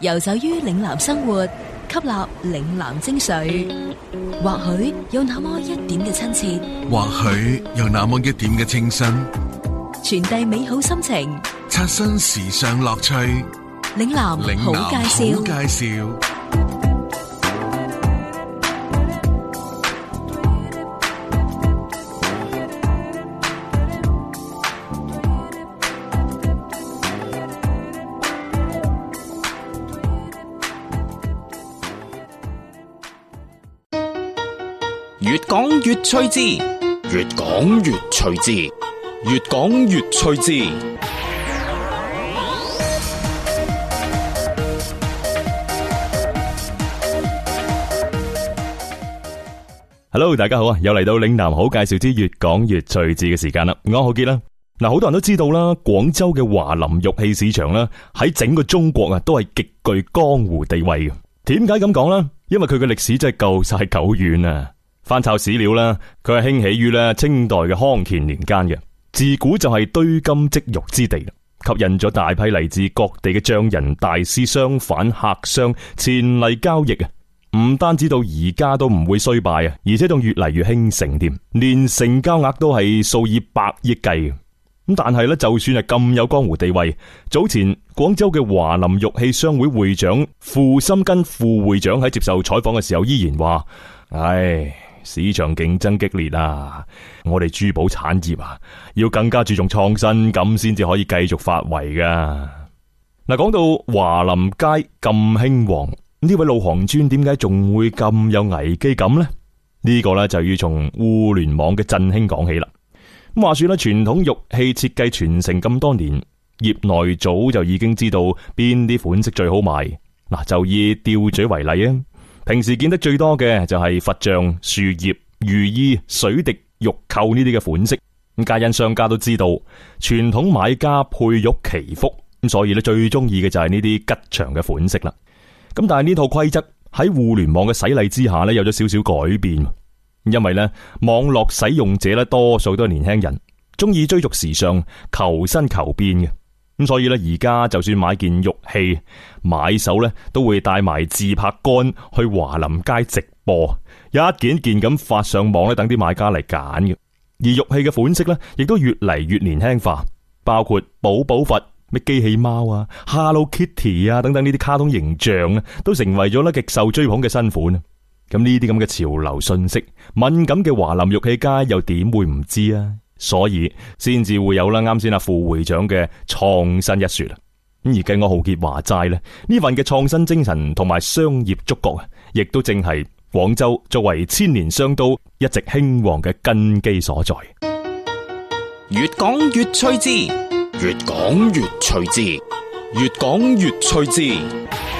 遊走於嶺南生活，吸納嶺南精髓，或許有那麼一點嘅親切，或許有那麼一點嘅清新，傳遞美好心情，刷新時尚樂趣。嶺南好介紹。越趣致，越講越趣致，越講越趣致。Hello，大家好啊！又嚟到嶺南好介紹之越講越趣致嘅時間啦。安浩杰啦。嗱，好多人都知道啦，廣州嘅華林玉器市場啦，喺整個中國啊，都係極具江湖地位嘅。點解咁講呢？因為佢嘅歷史真係夠晒久遠啊！翻炒史料啦，佢係興起於咧清代嘅康乾年間嘅，自古就係堆金積玉之地，吸引咗大批嚟自各地嘅匠人、大師、商販、客商前嚟交易啊！唔單止到而家都唔會衰敗啊，而且仲越嚟越興盛添，連成交額都係數以百億計咁。但係咧，就算係咁有江湖地位，早前廣州嘅華林玉器商會會長傅森根副會長喺接受採訪嘅時候，依然話：，唉。市場競爭激烈啊！我哋珠寶產業啊，要更加注重創新，咁先至可以繼續發圍噶。嗱，講到華林街咁興旺，呢位老行尊點解仲會咁有危機感呢？呢、呢個呢，就要從互聯網嘅振興講起啦。咁話說啦，傳統玉器設計傳承咁多年，業內早就已經知道邊啲款式最好賣。嗱，就以吊墜為例啊。平時見得最多嘅就係佛像、樹葉、如意、水滴、玉扣呢啲嘅款式。咁皆因商家都知道，傳統買家佩玉祈福，所以咧最中意嘅就係呢啲吉祥嘅款式啦。咁但係呢套規則喺互聯網嘅洗禮之下咧有咗少少改變，因為咧網絡使用者咧多數都係年輕人，中意追逐時尚、求新求變嘅。咁所以咧，而家就算買件玉器，買手咧都會帶埋自拍杆去華林街直播，一件一件咁發上網咧，等啲買家嚟揀嘅。而玉器嘅款式咧，亦都越嚟越年輕化，包括寶寶佛、咩機器貓啊、Hello Kitty 啊等等呢啲卡通形象啊，都成為咗咧極受追捧嘅新款。咁呢啲咁嘅潮流訊息，敏感嘅華林玉器街又點會唔知啊？所以先至會有啦，啱先阿副會長嘅創新一說啦。而跟我浩杰話齋咧，呢份嘅創新精神同埋商業觸覺啊，亦都正係廣州作為千年商都一直興旺嘅根基所在。越講越趣致，越講越趣致，越講越趣致。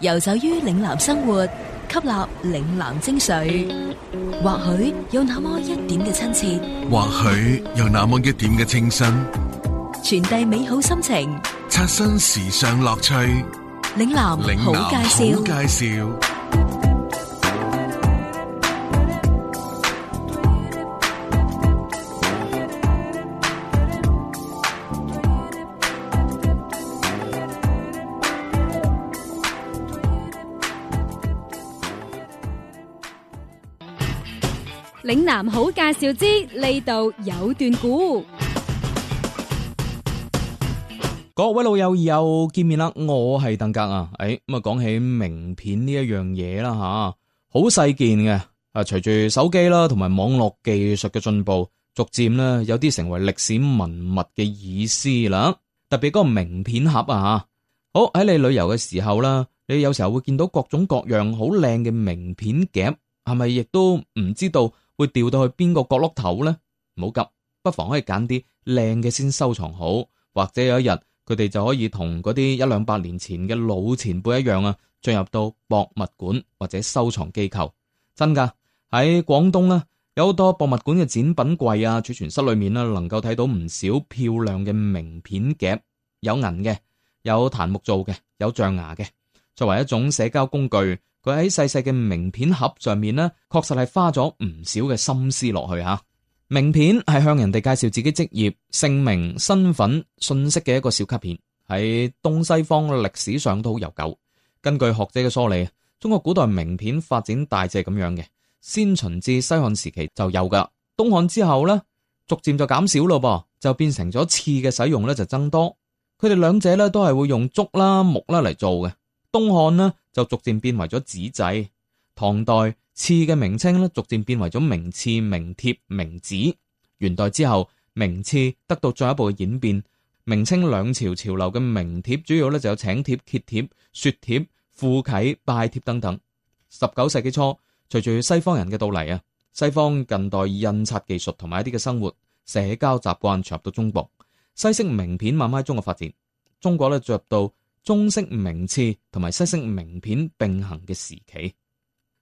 遊走於嶺南生活，吸納嶺南精髓，或許有那麼一點嘅親切，或許有那麼一點嘅清新，傳遞美好心情，刷新時尚樂趣。嶺南好介紹。嶺南好介紹之，呢度有段古。各位老友又見面啦，我係鄧格啊。誒、哎，咁啊，講起名片呢一樣嘢啦吓，好細件嘅。啊，隨住手機啦同埋網絡技術嘅進步，逐漸咧有啲成為歷史文物嘅意思啦。特別嗰個名片盒啊，吓，好喺你旅遊嘅時候啦，你有時候會見到各種各樣好靚嘅名片夾，係咪亦都唔知道？會掉到去邊個角落頭呢？唔好急，不妨可以揀啲靚嘅先收藏好，或者有一日佢哋就可以同嗰啲一兩百年前嘅老前輩一樣啊，進入到博物館或者收藏機構。真噶，喺廣東呢，有好多博物館嘅展品櫃啊、儲存室裏面啦，能夠睇到唔少漂亮嘅名片夾，有銀嘅，有檀木做嘅，有象牙嘅，作為一種社交工具。佢喺細細嘅名片盒上面咧，確實係花咗唔少嘅心思落去吓啊。名片係向人哋介紹自己職業、姓名、身份信息嘅一個小卡片。喺東西方歷史上都好悠久。根據學者嘅梳理，中國古代名片發展大致係咁樣嘅：先秦至西漢時期就有㗎，東漢之後呢，逐漸就減少咯噃，就變成咗次嘅使用呢就增多。佢哋兩者呢都係會用竹啦、木啦嚟做嘅。東漢呢，就逐漸變為咗紙製，唐代賜嘅名稱咧，逐漸變為咗名刺、名帖、名紙。元代之後，名刺得到進一步嘅演變。明清兩朝潮流嘅名帖，主要咧，就有請帖、揭帖、說帖、附啟、拜帖等等。十九世紀初，隨住西方人嘅到嚟啊，西方近代印刷技術同埋一啲嘅生活社交習慣，進入到中國，西式名片慢慢喺中國發展。中國咧進入到。中式名刺同埋西式名片並行嘅時期，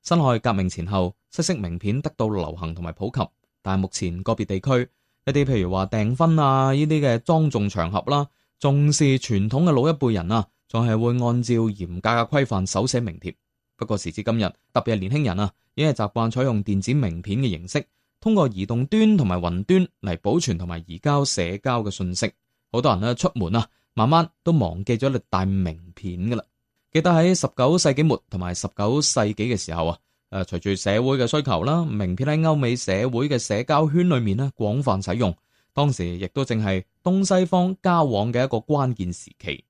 辛亥革命前後，西式名片得到流行同埋普及。但係目前個別地區一啲，譬如話訂婚啊呢啲嘅莊重場合啦，重視傳統嘅老一輩人啊，仲係會按照嚴格嘅規範手寫名帖。不過時至今日，特別係年輕人啊，已經係習慣採用電子名片嘅形式，通過移動端同埋雲端嚟保存同埋移交社交嘅信息。好多人咧出門啊。慢慢都忘記咗你大名片噶啦。記得喺十九世紀末同埋十九世紀嘅時候啊，誒，隨住社會嘅需求啦，名片喺歐美社會嘅社交圈裏面咧廣泛使用。當時亦都正係東西方交往嘅一個關鍵時期。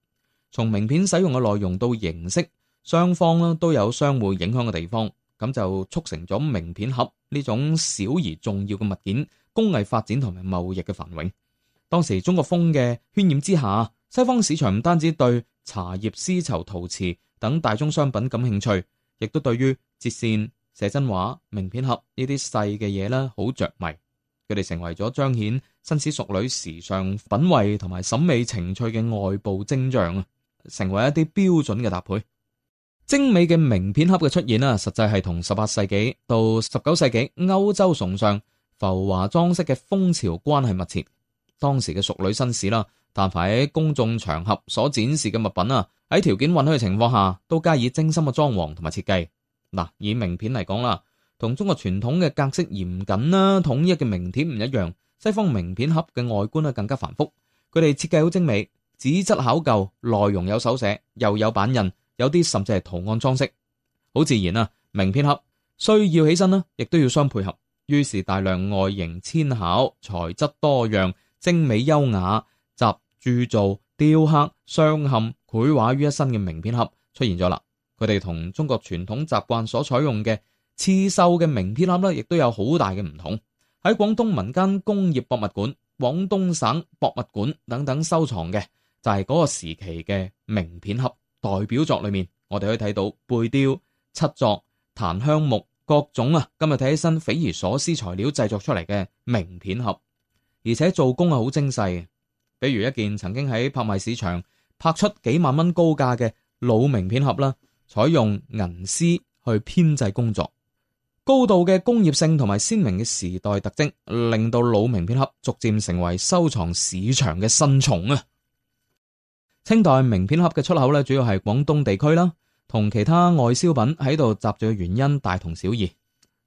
從名片使用嘅內容到形式，雙方啦都有相互影響嘅地方，咁就促成咗名片盒呢種小而重要嘅物件工藝發展同埋貿易嘅繁榮。當時中國風嘅渲染之下。西方市場唔單止對茶葉、絲綢、陶瓷等大宗商品感興趣，亦都對於折扇、寫真畫、名片盒呢啲細嘅嘢咧好着迷。佢哋成為咗彰顯紳士淑女時尚品味同埋審美情趣嘅外部徵象啊，成為一啲標準嘅搭配。精美嘅名片盒嘅出現啊，實際係同十八世紀到十九世紀歐洲崇尚浮華裝飾嘅風潮關係密切。當時嘅淑女紳士啦。但凡喺公眾場合所展示嘅物品啊，喺條件允許嘅情況下，都加以精心嘅裝潢同埋設計嗱、啊。以名片嚟講啦，同中國傳統嘅格式嚴謹啦、統一嘅名片唔一樣，西方名片盒嘅外觀咧更加繁複，佢哋設計好精美，紙質考究，內容有手寫又有版印，有啲甚至係圖案裝飾，好自然啊。名片盒需要起身啦，亦都要相配合，於是大量外形纖巧、材質多樣、精美優雅。鑄造、雕刻、鑲嵌、繪畫於一身嘅名片盒出現咗啦。佢哋同中國傳統習慣所採用嘅刺繡嘅名片盒咧，亦都有好大嘅唔同。喺廣東民間工業博物館、廣東省博物館等等收藏嘅，就係嗰個時期嘅名片盒代表作裏面，我哋可以睇到貝雕、漆作、檀香木各種啊。今日睇起身匪夷所思材料製作出嚟嘅名片盒，而且做工係好精細。比如一件曾經喺拍賣市場拍出幾萬蚊高價嘅老名片盒啦，採用銀絲去編製工作，高度嘅工業性同埋鮮明嘅時代特徵，令到老名片盒逐漸成為收藏市場嘅新寵啊！清代名片盒嘅出口咧，主要係廣東地區啦，同其他外銷品喺度集聚嘅原因大同小異，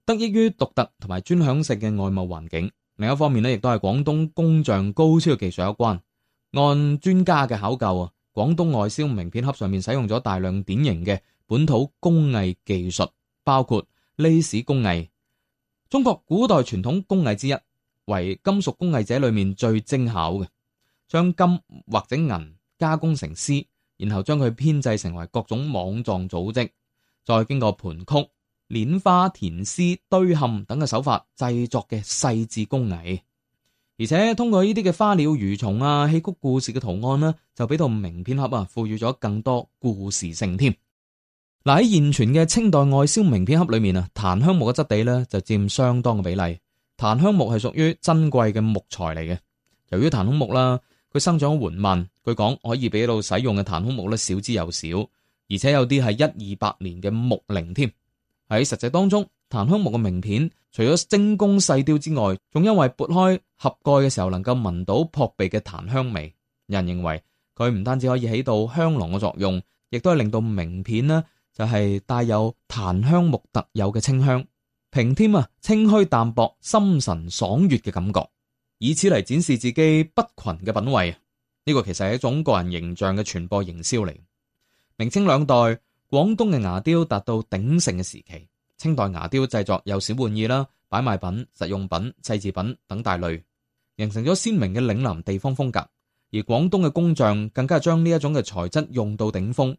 得益於獨特同埋專享性嘅外貿環境。另一方面呢，亦都係廣東工匠高超技術有關。按專家嘅考究啊，廣東外銷名片盒上面使用咗大量典型嘅本土工藝技術，包括累絲工藝。中國古代傳統工藝之一，為金屬工藝，者裏面最精巧嘅，將金或者銀加工成絲，然後將佢編製成為各種網狀組織，再經過盤曲、捻花、填絲、堆嵌等嘅手法製作嘅細緻工藝。而且通過呢啲嘅花鳥魚蟲啊、戲曲故事嘅圖案呢、啊，就俾套名片盒啊賦予咗更多故事性添。嗱、啊、喺現存嘅清代外銷名片盒裏面啊，檀香木嘅質地呢，就佔相當嘅比例。檀香木係屬於珍貴嘅木材嚟嘅，由於檀香木啦、啊，佢生長緩慢，據講可以俾到使用嘅檀香木呢，少之又少，而且有啲係一二百年嘅木齡添。喺實際當中。檀香木嘅名片，除咗精工細雕之外，仲因為撥開盒蓋嘅時候能夠聞到撲鼻嘅檀香味。人認為佢唔單止可以起到香囊嘅作用，亦都係令到名片呢就係、是、帶有檀香木特有嘅清香，平添啊清虛淡薄、心神爽悅嘅感覺，以此嚟展示自己不群嘅品位啊，呢、這個其實係一種個人形象嘅傳播營銷嚟。明清兩代，廣東嘅牙雕達到鼎盛嘅時期。清代牙雕製作有小玩意啦、擺賣品、實用品、祭祀品等大類，形成咗鮮明嘅嶺南地方風格。而廣東嘅工匠更加係將呢一種嘅材質用到頂峰。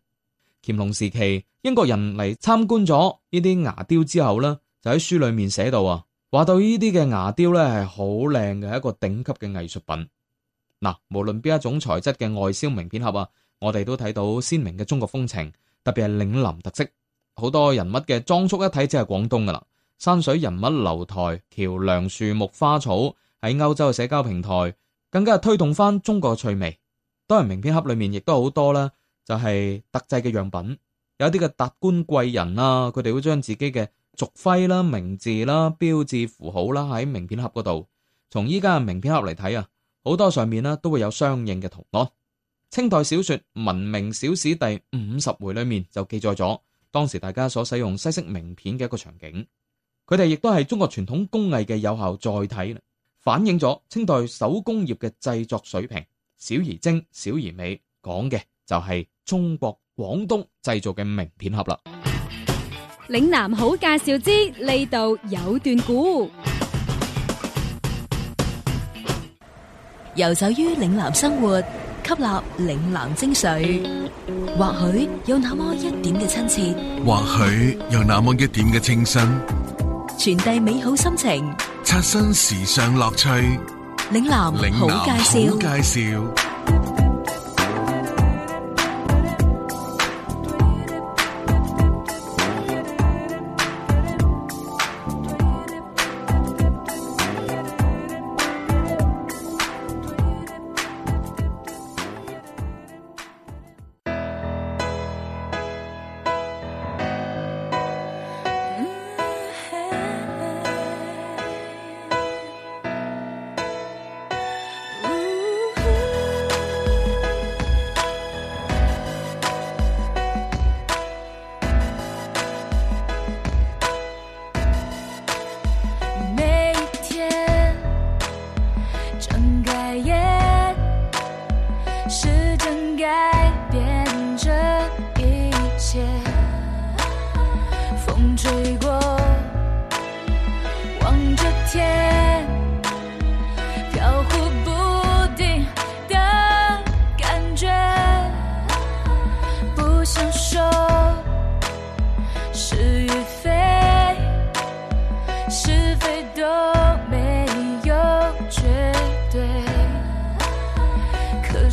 乾隆時期，英國人嚟參觀咗呢啲牙雕之後咧，就喺書裏面寫到啊，話到呢啲嘅牙雕咧係好靚嘅一個頂級嘅藝術品。嗱，無論邊一種材質嘅外銷名片盒啊，我哋都睇到鮮明嘅中國風情，特別係嶺南特色。好多人物嘅裝束一睇就係廣東噶啦，山水、人物、樓台、橋樑、樹木、花草喺歐洲嘅社交平台，更加係推動翻中國嘅趣味。當然名片盒裏面亦都好多啦，就係特製嘅樣品，有啲嘅達官貴人啦，佢哋會將自己嘅族徽啦、名字啦、標誌符號啦喺名片盒嗰度。從依家嘅名片盒嚟睇啊，好多上面啦都會有相應嘅圖案、哦。清代小說文明小史第五十回裏面就記載咗。當時大家所使用西式名片嘅一個場景，佢哋亦都係中國傳統工藝嘅有效載體，反映咗清代手工業嘅製作水平，小而精，小而美，講嘅就係中國廣東製造嘅名片盒啦。嶺南好介紹之，呢度有段古，游走於嶺南生活，吸納嶺南精髓，或許有那麼一點嘅親切，或許有那麼一點嘅清新，傳遞美好心情，刷新時尚樂趣。嶺南好介紹。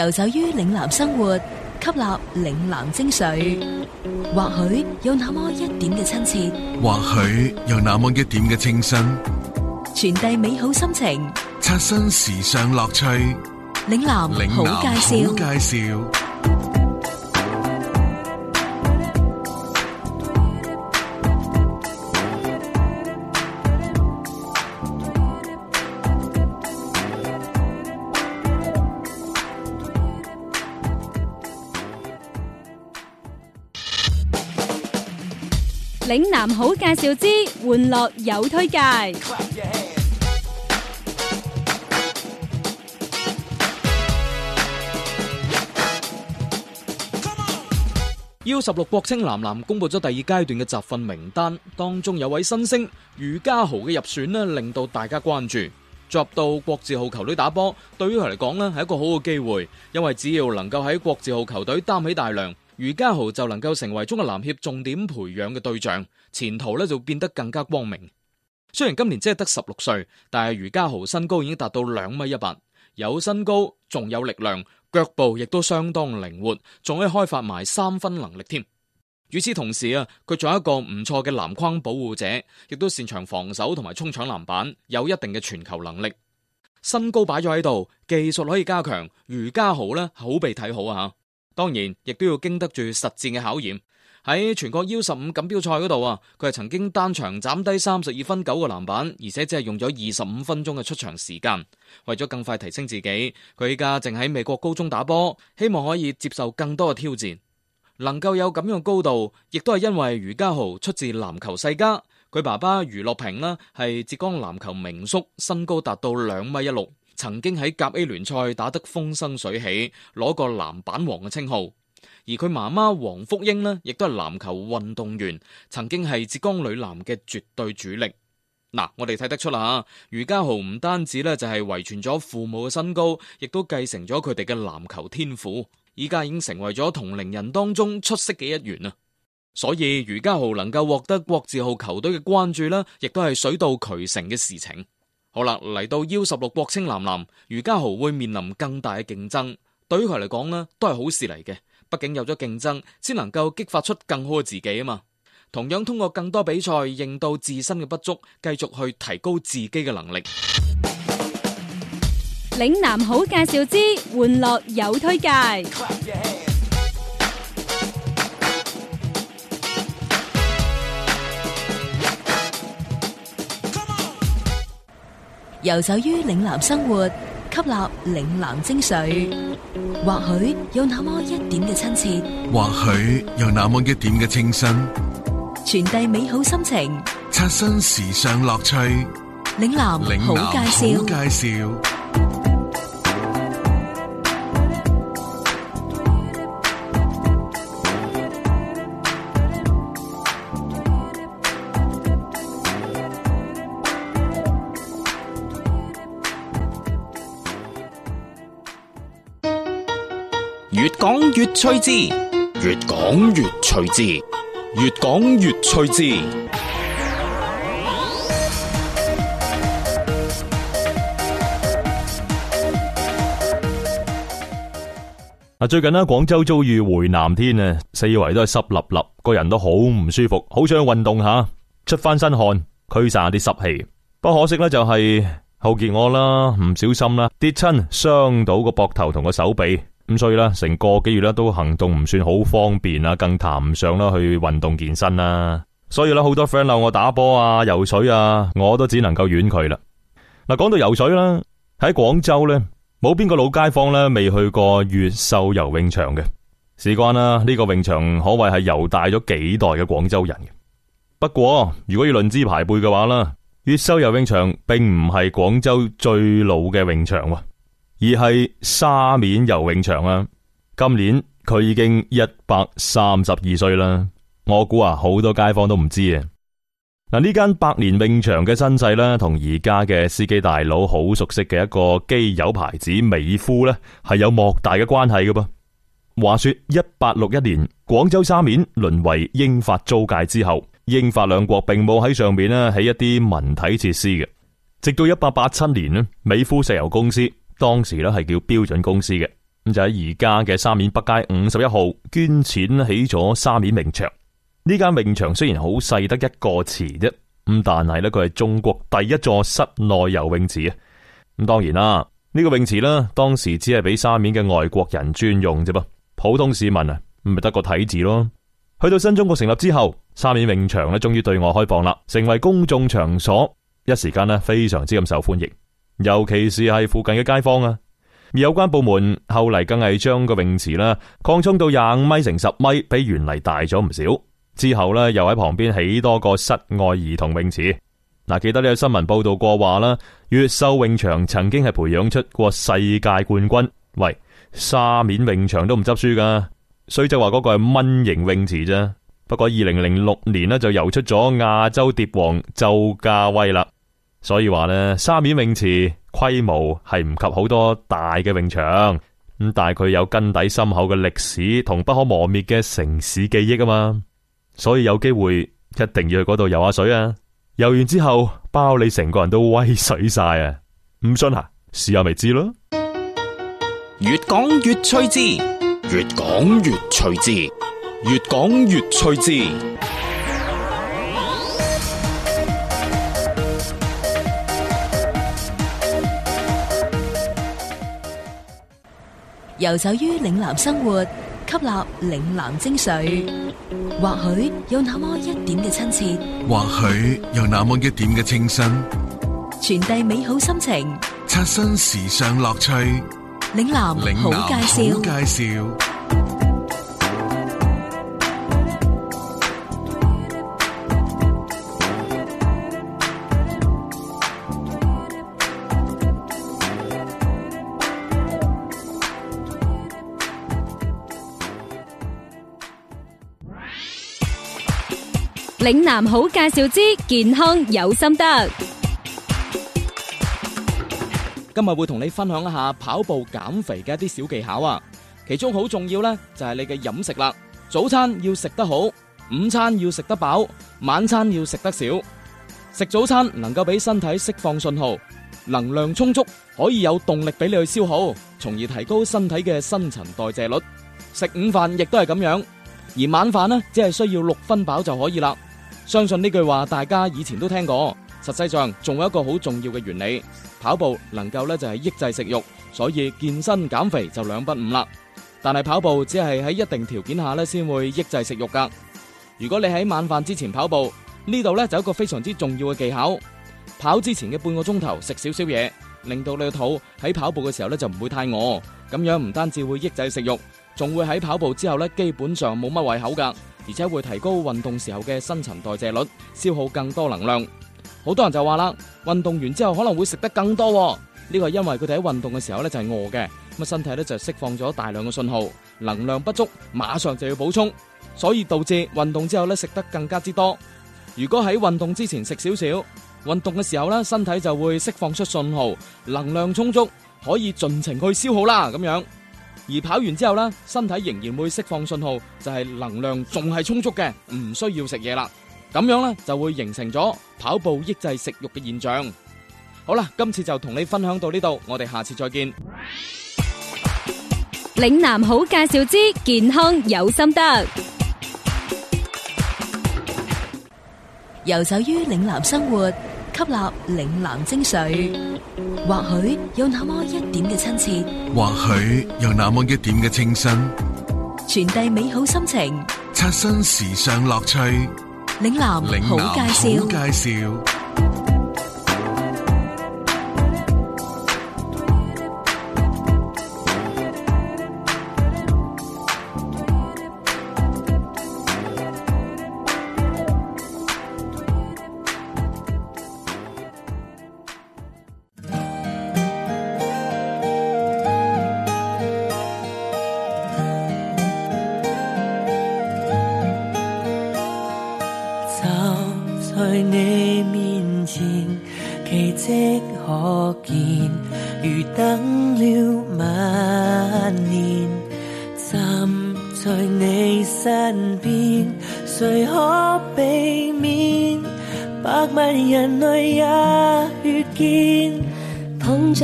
遊走於嶺南生活，吸納嶺南精髓，或許有那麼一點嘅親切，或許有那麼一點嘅清新，傳遞美好心情，刷新時尚樂趣。嶺南好介紹，好介紹。談好介紹之，玩樂有推介。U 十六國青男籃公布咗第二階段嘅集訓名單，當中有位新星余嘉豪嘅入選咧，令到大家關注。作到國字號球隊打波，對於佢嚟講咧係一個好嘅機會，因為只要能夠喺國字號球隊擔起大梁。余嘉豪就能夠成為中國籃協重點培養嘅對象，前途咧就會變得更加光明。雖然今年只係得十六歲，但係余嘉豪身高已經達到兩米一八，有身高，仲有力量，腳步亦都相當靈活，仲可以開發埋三分能力添。與此同時啊，佢仲有一個唔錯嘅籃框保護者，亦都擅長防守同埋沖搶籃板，有一定嘅傳球能力。身高擺咗喺度，技術可以加強，余嘉豪呢，好被睇好啊！當然，亦都要經得住實戰嘅考驗。喺全國 U 十五錦標賽嗰度啊，佢係曾經單場斬低三十二分、九個籃板，而且只係用咗二十五分鐘嘅出場時間。為咗更快提升自己，佢依家正喺美國高中打波，希望可以接受更多嘅挑戰。能夠有咁樣嘅高度，亦都係因為余嘉豪出自籃球世家。佢爸爸余樂平呢，係浙江籃球名宿，身高達到兩米一六。曾經喺甲 A 聯賽打得風生水起，攞過籃板王嘅稱號。而佢媽媽黃福英呢，亦都係籃球運動員，曾經係浙江女籃嘅絕對主力。嗱、啊，我哋睇得出啦，余家豪唔單止呢就係遺傳咗父母嘅身高，亦都繼承咗佢哋嘅籃球天賦。依家已經成為咗同齡人當中出色嘅一員啊！所以余家豪能夠獲得國字號球隊嘅關注啦，亦都係水到渠成嘅事情。好啦，嚟到 U 十六國青男籃，余嘉豪會面臨更大嘅競爭，對於佢嚟講呢都係好事嚟嘅。畢竟有咗競爭，先能夠激發出更好嘅自己啊嘛。同樣通過更多比賽，認到自身嘅不足，繼續去提高自己嘅能力。嶺南好介紹之，玩樂有推介。遊走於嶺南生活，吸納嶺南精髓，或許有那麼一點嘅親切，或許有那麼一點嘅清新，傳遞美好心情，刷新時尚樂趣。嶺南好介紹，吹之越講越趣之，越講越趣之。啊，最近咧，廣州遭遇回南天啊，四圍都係濕粒粒，個人都好唔舒服，好想去運動下，出翻身汗，驅散啲濕氣。不過可惜呢、就是，就係後勁我啦，唔小心啦，跌親傷到個膊頭同個手臂。咁所以咧，成個幾月咧都行動唔算好方便啊，更談唔上啦去運動健身啦。所以咧，好多 friend 鬧我打波啊、游水啊，我都只能夠婉佢啦。嗱，講到游水啦，喺廣州呢，冇邊個老街坊呢未去過越秀游泳場嘅。事關啦，呢個泳場可謂係游大咗幾代嘅廣州人。不過，如果要論資排輩嘅話啦，越秀游泳場並唔係廣州最老嘅泳場。而係沙面游泳場啊，今年佢已經一百三十二歲啦。我估啊，好多街坊都唔知啊。嗱，呢間百年泳場嘅身世呢，同而家嘅司機大佬好熟悉嘅一個機油牌子、美孚呢，係有莫大嘅關係噶噃。話說一八六一年，廣州沙面淪為英法租界之後，英法兩國並冇喺上面呢起一啲文體設施嘅，直到一八八七年咧，美孚石油公司，當時咧係叫標準公司嘅，咁就喺而家嘅沙面北街五十一號捐錢起咗沙面泳場。呢間泳場雖然好細得一個池啫，咁但係咧佢係中國第一座室內游泳池啊！咁當然啦，呢個泳池咧當時只係俾沙面嘅外國人專用啫，噃普通市民啊唔咪得個睇字咯。去到新中國成立之後，沙面泳場咧終於對外開放啦，成為公眾場所，一時間咧非常之咁受歡迎。尤其是係附近嘅街坊啊！而有關部門後嚟更係將個泳池啦擴充到廿五米乘十米，比原嚟大咗唔少。之後咧又喺旁邊起多個室外兒童泳池。嗱，啊，記得呢個新聞報道過話啦，越秀泳場曾經係培養出過世界冠軍，喂沙面泳場都唔執輸噶，所以就話嗰個係蚊型泳池啫。不過二零零六年呢，就游出咗亞洲蝶王周家威啦。所以話呢，沙面泳池規模係唔及好多大嘅泳場，咁但係佢有根底深厚嘅歷史同不可磨滅嘅城市記憶啊嘛，所以有機會一定要去嗰度游下水啊！游完之後包你成個人都威水晒啊！唔信啊，試下咪知咯！越講越趣致，越講越趣致，越講越趣致。遊走於嶺南生活，吸納嶺南精髓，或許有那麼一點嘅親切，或許有那麼一點嘅清新，傳遞美好心情，刷新時尚樂趣。嶺南好介紹，好介紹。嶺南好介紹之健康有心得，今日會同你分享一下跑步減肥嘅一啲小技巧啊！其中好重要呢就係你嘅飲食啦，早餐要食得好，午餐要食得飽，晚餐要食得少。食早餐能夠俾身體釋放信號，能量充足可以有動力俾你去消耗，從而提高身體嘅新陳代謝率。食午飯亦都係咁樣，而晚飯呢只係需要六分飽就可以啦。相信呢句話，大家以前都聽過。實際上仲有一個好重要嘅原理，跑步能夠咧就係抑制食欲，所以健身減肥就兩不誤啦。但係跑步只係喺一定條件下咧先會抑制食欲噶。如果你喺晚飯之前跑步，呢度咧就有一個非常之重要嘅技巧，跑之前嘅半個鐘頭食少少嘢，令到你嘅肚喺跑步嘅時候咧就唔會太餓。咁樣唔單止會抑制食欲，仲會喺跑步之後咧基本上冇乜胃口噶。而且會提高運動時候嘅新陳代謝率，消耗更多能量。好多人就話啦，運動完之後可能會食得更多。呢個係因為佢哋喺運動嘅時候咧就係餓嘅，咁啊身體咧就釋放咗大量嘅信號，能量不足，馬上就要補充，所以導致運動之後咧食得更加之多。如果喺運動之前食少少，運動嘅時候咧身體就會釋放出信號，能量充足，可以盡情去消耗啦，咁樣。而跑完之後呢,身體仍然會釋放信號就係能量仲係充足嘅唔需要食嘢啦咁樣呢就會形成咗跑步抑制食欲嘅現象吸納嶺南精髓，或許有那麼一點嘅親切，或許有那麼一點嘅清新，傳遞美好心情，刷新時尚樂趣。嶺南好介紹。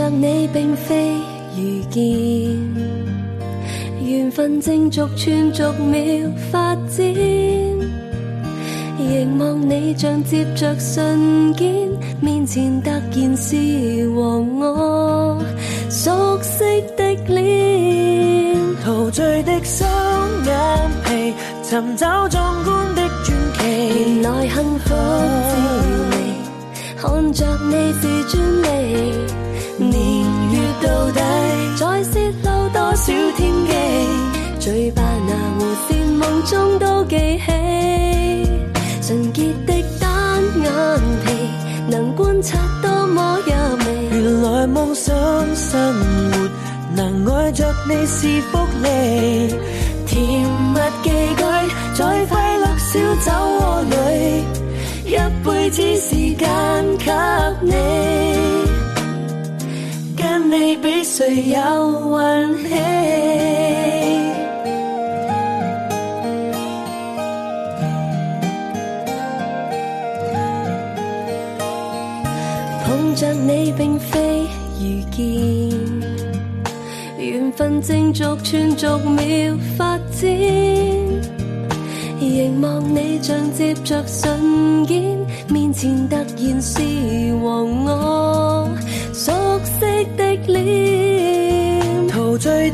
着你並非遇見，緣分正逐寸逐秒發展。凝望你像接着瞬間，面前突然是和我熟悉的臉。陶醉的雙眼皮，尋找壯觀的傳奇，原來幸福滋味，看着你是專利。年月到底再洩露多少天機？嘴巴那弧線夢中都記起， 純潔的單眼皮 能觀察多麼入微。原來夢想生活能愛着你是福利， 甜蜜寄居在快樂小酒窩裏，一輩子時間給你。誰有運氣？捧着你並非遇見緣分正逐寸逐秒發展。凝望你像接着瞬間面前突然是和我熟悉。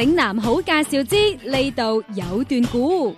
嶺南好介紹之，呢度有段古。